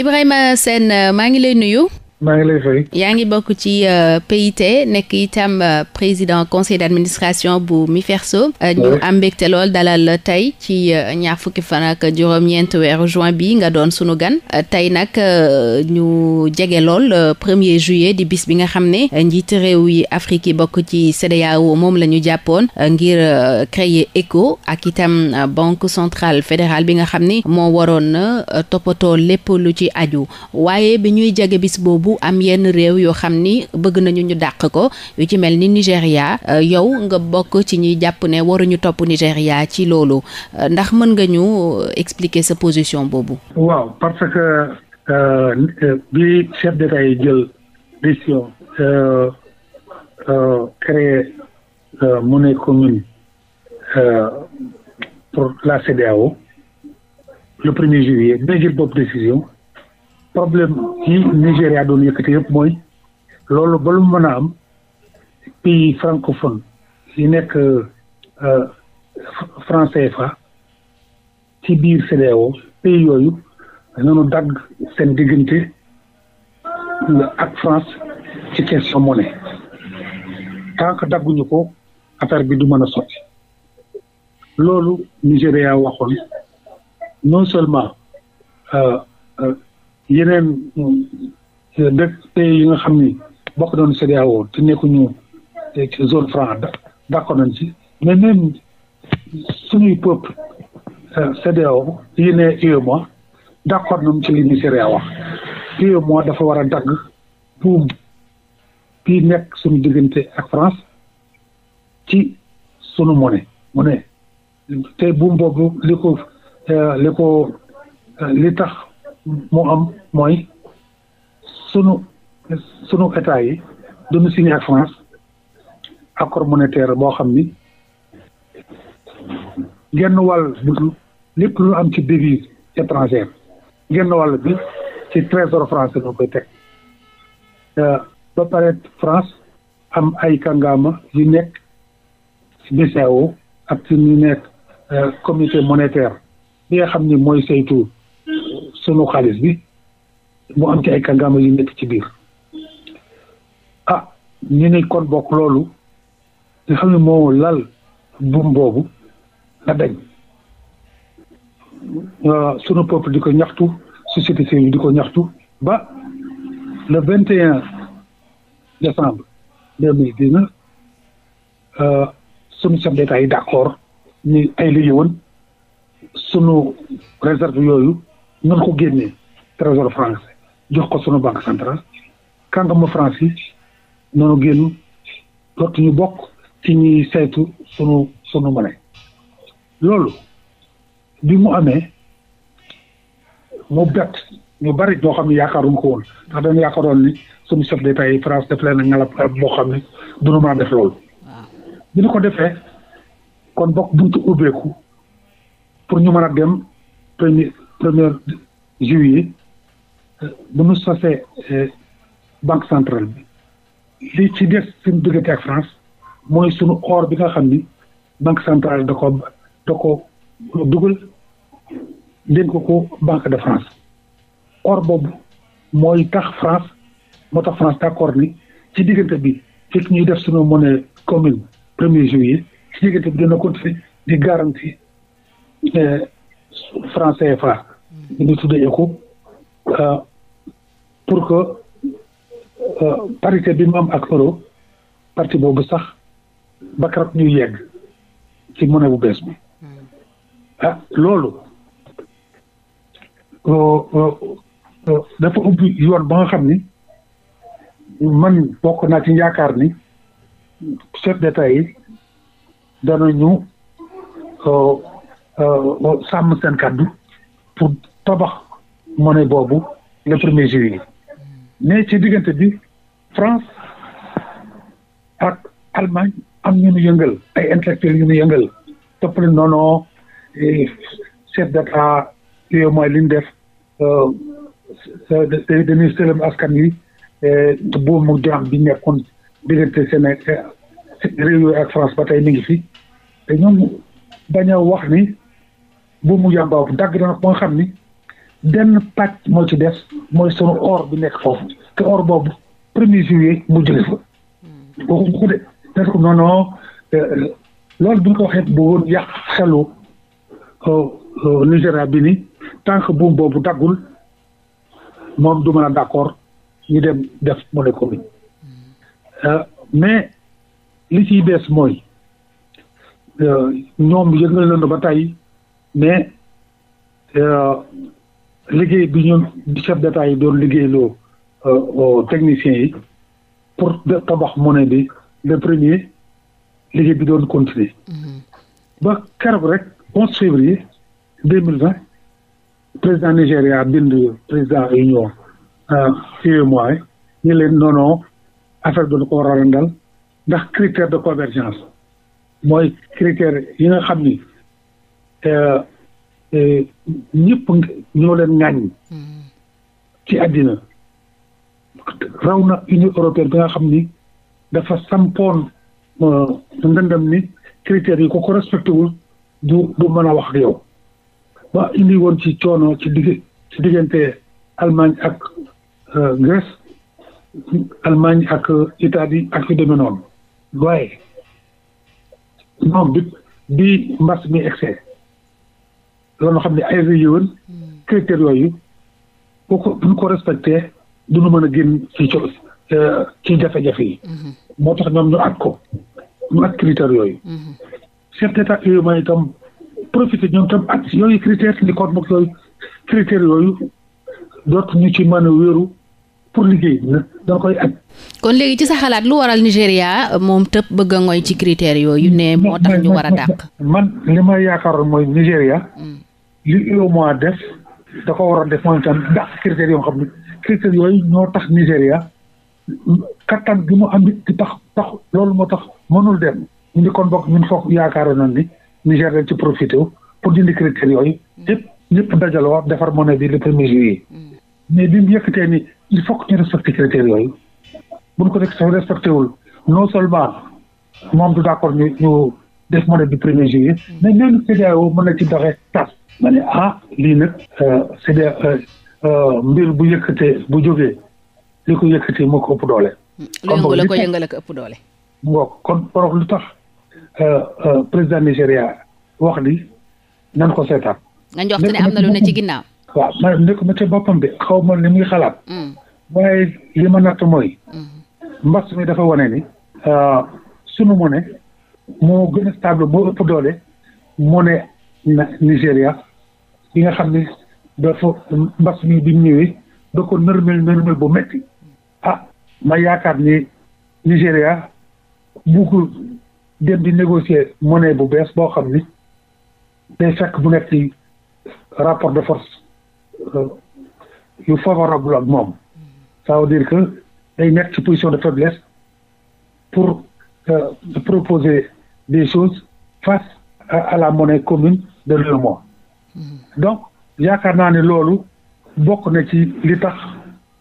Ibrahima Sène maa ngi lay nuyu maa yaa ngi bokk ci euh, PIT nekk itam euh, président conseil d'administration bu MIFERSO. Euh, ñu am mbégte lool dalal tey ci ñaar fukki fan ak juróom-ñeent weeru juin bi nga doon sunu gan. tey nag ñu jege lool premier juillet di bis bi nga xam ne njiit réew yi Afrique yi bokk ci CEDEAO moom la ñu jàppoon ngir créer ECO ak itam banque centrale fédérale bi nga xam ni moo waroon toppatoo lépp lu ci aju waaye bi ñuy jege bis boobu. yow am yenn réew yoo xam ni bëgg nañu ñu dàq ko yu ci mel ni Nigéria euh, yow nga bokk ci ñuy jàpp ne waruñu topp Nigéria ci loolu euh, ndax mën nga ñu euh, expliquer sa position boobu. waaw parce que bi chef de yi jël décision créer monnaie commune pour la CEDEAO le premier juillet nga jël boobu décision. problème ci Nigéria doon yëkkati yëpp mooy loolu ba mën a am pays francophone yi nekk euh, franc CFA ci biir CEDEAO pays yooyu dañu dagg seen diggante ak France ci question monnaie tant que dagguñu ko affaire bi du mën a sotti loolu Nigéria waxoon non seulement. Euh, euh, yeneen euh, dëkk pays yi nga xam ni bokk nañu CEDEAO te nekkuñu euh, ci zone franc d'accord nañ ci mais même suñuy peuple euh, CEDEAO yi ne UEMOA d'accord nañ ci li Nigéria e wax UEMOA dafa war a dagg buum bii nekk suñu diggante ak France ci sunu monnaie monnaie te buum boobu li ko li tax moo am mooy sunu sunu état yi dañu signé ak France accord monétaire boo xam ni genn wàll bi lépp lu am ci devise étrangère genn wàll bi ci trésor français ñoo koy teg euh, ba pare France am ay kàngaama yu nekk ci BCEAO ak ci ñu nekk euh, comité monétaire bi nga xam ni mooy saytu sunu xaalis bi mu am ci ay kàngaama yi nekk ci biir ah ñu ne kon bokk loolu nga xam ne moo lal buum boobu na dañ sunu peuple di ko ñaxtu société civile di ko ñaxtu ba le vingt et un décembre deux mille dix euh, sunu chef d'état yi d'accord ñu ay li ñu woon sunu réserve yooyu nan ko génnee trésor français jox ko sunu banque centrale kàngama France yi noonu génn dootu ñu bokk ci ñuy sunu sunu monnaie loolu di mu amee mu bett ñu bari ñoo xam ne yaakaaruñu ko woon ndax dañu yaakaaroon ni suñu chef d'État yi France def leen ngalab boo xam ne duñu mën a def loolu bi ñu ko defee kon bokk buntu ubbeeku pour ñu mën dem premier premier juillet bu nu sosee euh, banque centrale bi li ci des suñu diggante ak France mooy sunu or bi nga xam ni banque centrale da ko da ko ko banque de France or boobu mooy tax France moo tax France d'accord ni ci diggante bi fekk ñuy def sunu monnaie commune premier juillet ci diggante bi dina continuer di garantie euh, franc CFA mm. ñu ngi tuddeeku pour que euh, parité bi mu am ak euro parti boobu sax ba keroog ñuy yegg ci monnaie bu bees bi mm. ah loolu euh, euh, dafa ubbi yoon ba nga xam ni man bokk naa ci yaakaar ni chef d'état yi danañu sàmm seen kàddu pour tabax monnaie boobu le premier juillet mais ci diggante bi France ak Allemagne am ñu nu yëngal ay intellectuels ñu nu yëngal toppale noonu chef d'État yooyu mooy li ñu def dañuy sëlëm askan yi boobu jaam bi nekkoon diggante Sénégal réew yooyu ak France ba tey mi ngi fi te ñoom bañ wax ni buumu yàmbaaw bi dagg na ba xam ni benn pàcc moo ci des mooy sunu or bi nekk foofu te or boobu premier juillet mu jëlee fa. Hmm. waxuñ ko de parce que non non euh, loolu bu ñu ko waxee bu woon yàq xelu euh, euh, Nigéria bi ni tant que buum boobu daggul moom du mën a d'accord ñu dem def monnaie commune hmm. mais li ci bees mooy ñoom yëngal nañu ba tay mais euh, liggéey bi ñu chef d'état yi doon liggéeyloo euh, techniciens yi pour tabax monnaie bi le premier liggéey bi doon continuer mm-hmm. ba keroog rek onze février deux mille vingt président Nigéria bind président union UEMOA euh, ñu leen non non affaire doon ko war a ndax critère de convergence mooy critère yi nga xam ni te ñoo leen ŋàññ ci àddina raw na union européenne bi nga xam ni dafa sampoon euh, ndëndam ni critères yi ko ko respecté wul du du wax yow ba indi woon ci coono ci digg ci diggante Allemagne ak euh, Grèce Allemagne ak Italie ak yu demee waaye ñoom bi bi mbas mi excès loolu xam ne ay région hmm. critères yooyu bu ko bu ko respecté du ñu mën a génn ci co ci jafe-jafe yi. Hmm. moo tax ñoom ñu at ko ñu at critères yooyu. Hmm. chef d'état yooyu itam profité ñoom itam at yooyu critères ni kon moom yooyu ñu ci mën a wéeru pour liggéey na da koy at. kon léegi ci sa xalaat lu waral Nigéria moom tëb bëgg a ngoy ci critères yooyu ne moo tax ñu war dàq. man li ma yaakaar mooy Nigéria. li UEMOA def dafa ko def mooy tam dàq critères yoo xam yooyu ñoo tax Nigéria kattan gi mu am di tax tax loolu moo tax mënul dem ñu di kon bokk ñun foog yaakaaroon nañ ni Niger ci profité wu pour dindi critères yooyu ñëpp mm. ñëpp dajaloo defar monnaie bi le premier juillet mm. mais bi mu yëkkatee ni il faut que ñu respecté critères yooyu buñ ko respecté wul non seulement moom du d'accord ñu def moo def du premier juillet mm. mais même CEDEAO mën na ci doxee tas ma ne ah lii nag euh, euh, euh, mbir bu yëkkatee bu jógee li ko yëkkatee moo ko ëpp doole lu yëngu la ko yëngal ak ëpp doole ngoog kon borox lu tax président Nigéria wax li nan ko seetaan nga njoxte am na lu ne ci ginnaaw waaw ma nekk ma bi xaw ma li muy xalaat mm. waaye li ma natt mooy mm. mbas mi dafa wane ni sunu mu ne moo gën a stable moo ëpp doole monnaie Nigéria yi nga xam ni dafa mbas mi bi ñëwee da ko nërmel nërmel bu metti ah ma yaakaar ni Nigéria bugg dem di négocier monnaie bu bees boo xam ni day fekk bu nekk rapport de force euh, yu favorable ak moom ça veut dire que day nekk position de faiblesse pour euh, proposer des choses face à, à la monnaie commune de leur mois. Mm-hmm. donc yaakaar naa ne loolu bokk na ci li tax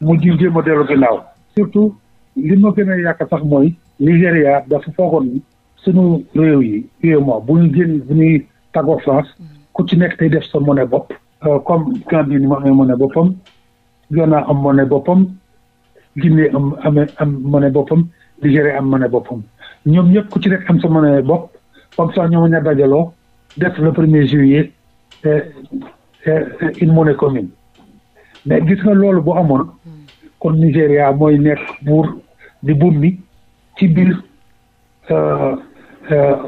mu ji jéem a dellu ginnaaw surtout li ma gën a yàq sax mooy Nigéria dafa foogoon ni suñu réew yi UEMOA bu ñu génn bu ñuy tàggoo France ku ci nekk tey def sa monnaie bopp euh, comme Gambie ni mu amee monnaie boppam Ghana am monnaie boppam Guinée am amee am monnaie boppam Nigéria am monnaie boppam ñoom yëpp ku ci nekk am sa mën a bopp comme ça ñoo mën a dajaloo def le premier juillet euh, euh, euh, une monnaie commune mais gis nga loolu bu amoon kon Nigéria mooy nekk buur di buur mi ci biir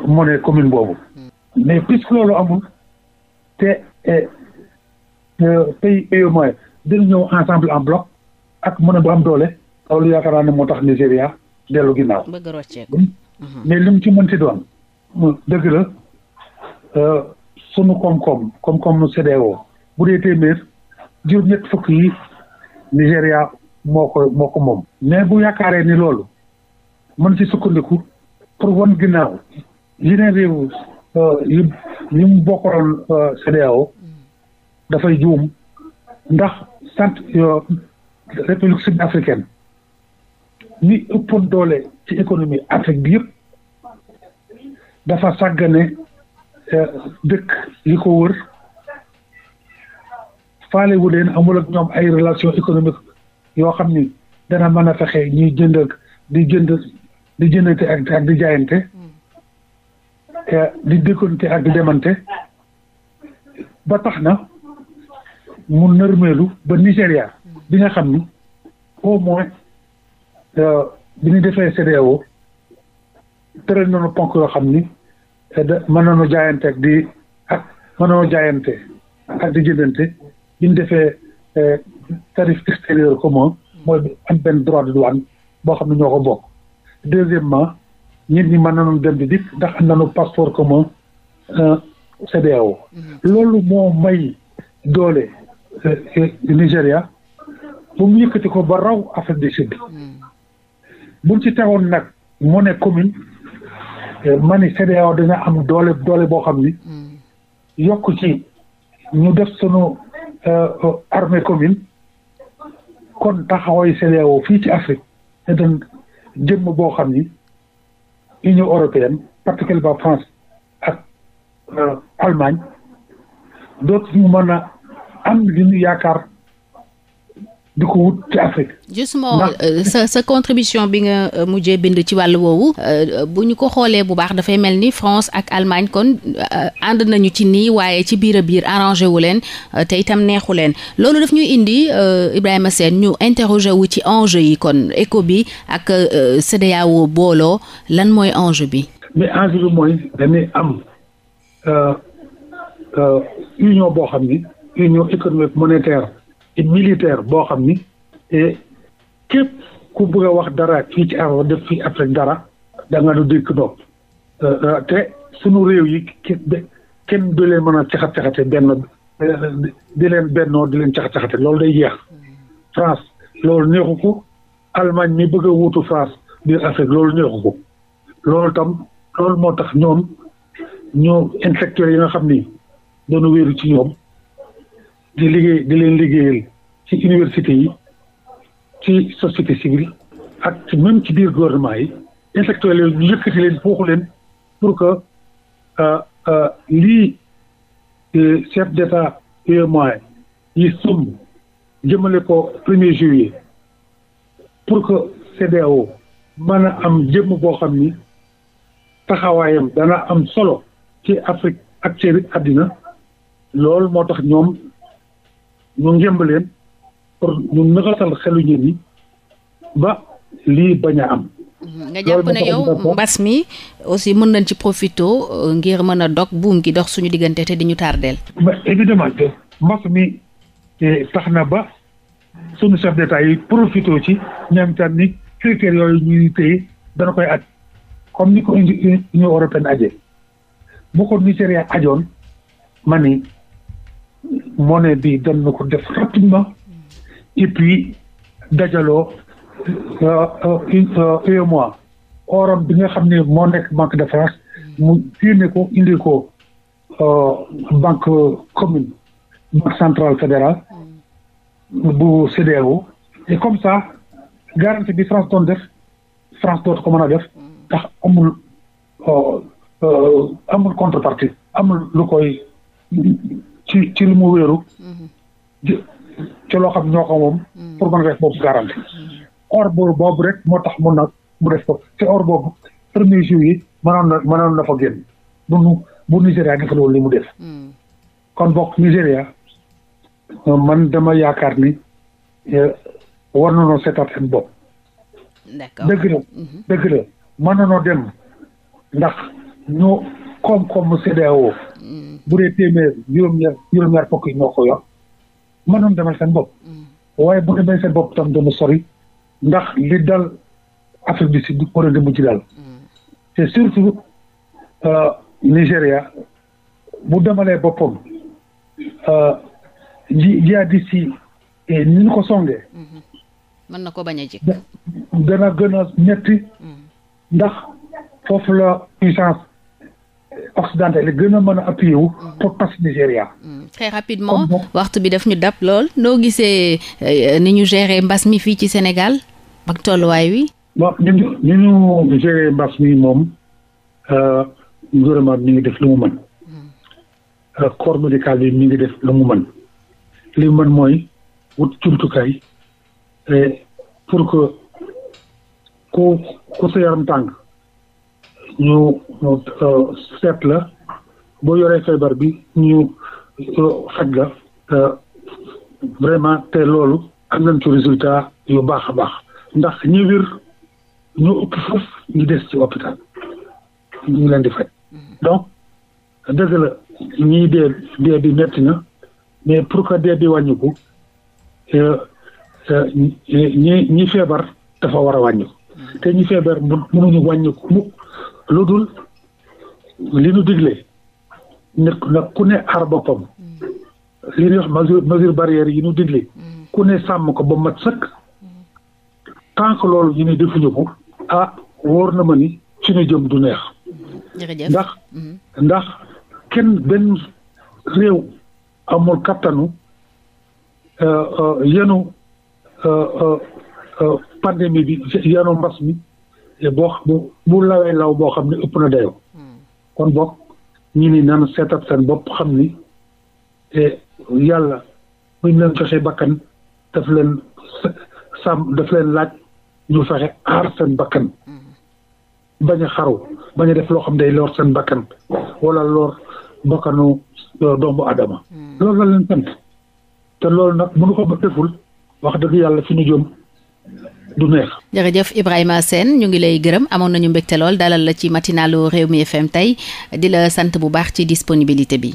monnaie commune boobu mais puisque loolu amul te pays UEMOA dina ñëw ensemble en bloc ak monnaie bu am doole loolu yaakaar naa ne moo tax Nigéria dellu ginnaaw Mhm. mais li mu ci mënti doon dëgg la euh, sunu koom-koom kom koom CEDEAO bu dee téeméer juróom ñett fukk yi Nigéria moo ko moom mais bu yaakaaree ni loolu mën ci sukkandiku pour wan ginnaaw yeneen réew euh, yi mu bokkaloon euh, CEDEAO dafay juum ndax sant république sud africaine li ëppoon doole ci économie Afrique bi yëpp dafa sàggane euh, dëkk yi ko wër faale wu leen amul ak ñoom ay relation économique yoo xam ni dana mën a fexe ñuy jënd di jënd di jëndante ak ak di jaayante euh, di dëkkante ak di demante ba tax na mu nërmeelu ba Nigéria bi nga xam ni au moins bi ñu defee CEDEAO tëral nañu ponk yoo xam ni eh, mën nañu jaayante ak di ak mën jaayante ak di jëndante bi ñu defee eh, tarif extérieur commun mooy am benn droit de douane boo xam ne ñoo ko bokk deuxièmement nit ñi mën nañu dem di dikk ndax am nañu passeport commun eh, CEDEAO mm-hmm. loolu moo may doole Nigéria bu mu yëkkati ko ba raw Afrique du Sud mm. buñ ci tegoon nag mu ne commune eh, ma ni CEDEAO dina am doole doole boo xam ni yokk ci ñu def sunu eh, armée commune kon taxawaayu CEDEAO fii ci Afrique te doon jëmm boo xam ni Union européenne particulièrement France ak eh, Allemagne dootuñu mën a am li ñu yaakaar. di ko wut ci Afrique. justement euh, sa sa contribution bi nga euh, mujjee bind ci wàll woowu. Euh, bu ñu ko xoolee bu baax dafay mel ni France ak Allemagne kon ànd nañu ci nii waaye ci biir biir arrangé wu leen tey itam neexu leen loolu daf ñuy indi Ibrahima Sène ñu interroger wu ci enjeu yi kon éco bi ak CEDEAO booloo lan mooy enjeu bi. mais enjeu bi mooy dañuy am union boo xam ni union économique monétaire. di militaire boo xam ni képp ku bëgg a wax dara fii ci Afrique def fii Afrique dara da nga du dégg nopp euh, euh, te sunu réew yi kenn du leen mën a caxat caxate benn euh, di leen bennoo caxat caxate loolu day jeex France loolu neexu ko Allemagne mi bëgg a wuutu France biir Afrique loolu neexu ko loolu tam loolu moo tax ñoom ñoo intellectuels yi nga xam ni doonu wéeru ci ñoom di liggéey di leen liggéeyal ci université yi ci société civile ak même ci biir gouvernement yi intellectuel yooyu ñu yëkkati leen fooxu leen pour que euh, euh, lii euh, chef d'état UEMOA yi sumb jëmale ko premier juillet pour que CEDEAO mën a am jëm boo xam ni taxawaayam dana am solo ci Afrique ak ci àddina loolu moo tax ñoom ñu ngémb leen pour ñu nëxatal xelu nit ñi ba lii bañ a am. Mmh, nga jàpp ne yow mbas mi aussi mën nañ ci profito euh, ngir mën a dog buum gi dox suñu diggante te di ñu tardeel. mais évidemment que mbas mi tax na ba suñu chef d'état yi profito ci ñoom tam ni critères yooyu ñuy téye dana koy aj comme ni ko union européenne ajee bu ko Nigéria ajoon ma ni monnaie bi dem na ko def rapidement et puis dajaloo UEMOA euh, euh, euh, oram bi nga xam ne moo nekk banque de France mu génne ko indi banque commune banque centrale fédérale bu CEDEAO et comme ça garantie bi France doon def France dootu ko mën a def ndax amul amul contrepartie amul lu koy ci ci li mu wéeru mhm. ci loo xam ñoo ko moom mhm. pour mën a def boobu garanti mhm. or boobu rek moo tax mun nag mu def ko ci or boobu premier jour yi na mënoon na fa génn bu Nigéria defa li mu def kon bokk Nigéria man dama yaakaar ni euh, war nanoo seetaat seen bopp dëgg la dëgg la mën nanoo dem ndax ñu koom-koom CEDEAO bu dee téeméer juróom-ñaar juróom-ñaar fukk yi ñoo ko yor demal seen bopp. Mm. waaye bu demee seen bopp tam dana sori ndax li dal Afrique du Sud moo doon mujj daal mm. te surtout euh, Nigéria bu demalee boppam euh, ji jihadis yi ni ñu ko songee. Mm-hmm. mën na ko bañ a jëkk. dana gën a mm. ndax foofu la puissance. occidentale yi gën a mën a appuyé wu pour tas Nigéria. Mm, très rapidement waxtu bi daf ñu dab lool noo gisee euh, ni ñu gérer mbas mi fii ci senegal ak tolluwaay wi. bon ñu ñu ñu gérer mbas mi moom euh, gouvernement bi ñu ngi def lu mu mën mm. euh, corps médical bi ñu ngi def lu mu mën li mu mën mooy jumtukaay pour que ku ku sa yaram ñu euh, seet la boo yoree feebar bi ñu faj la euh, vraiment te loolu am nañ ci résultat yu baax a baax ndax ñi wér ñu ëpp foofu ñu des ci hôpital ñu ngi leen di faj mhm. donc dëgg la ñii dee dee bi metti na mais pour que dee bi wàññiku euh, ñi ñi feebar dafa war a wàññiku mhm. te ñi feebar mënuñu wàññiku mukk lu dul li nu digle nekk nag ku ne aar boppam mm. li ñuy mesure mesure yi nu digle mm. ku ne sàmm ko ba mat sëkk mm. tant que loolu ñu ne defuñu ko ah wóor na ma ni ci ñu jëm du neex. jërëjëf ndax mm-hmm. ndax kenn benn réew amul kattanu euh, euh, yenu euh, pandémie bi yenu mbas mi. boo bu bu lawee law boo xam ne ëpp na dayoo kon boog ñu ni nan seetat seen bopp xam ni te yàlla buñ leen joxe bakkan daf leen sàmm daf leen laaj ñu fexe aar seen bakkan bañ a xaru bañ a def loo xam day lor seen bakkan wala lor bakkanu euh, doomu adama hmm. loolu la leen sant te loolu nag mënu ko ba deful wax dëgg yàlla fi ñu jëm du neex. jërëjëf Ibrahima Sène ñu ngi lay gërëm amoon nañu mbégte lool dalal la ci matinalu mi FM tey di la sant bu baax ci disponibilité bi.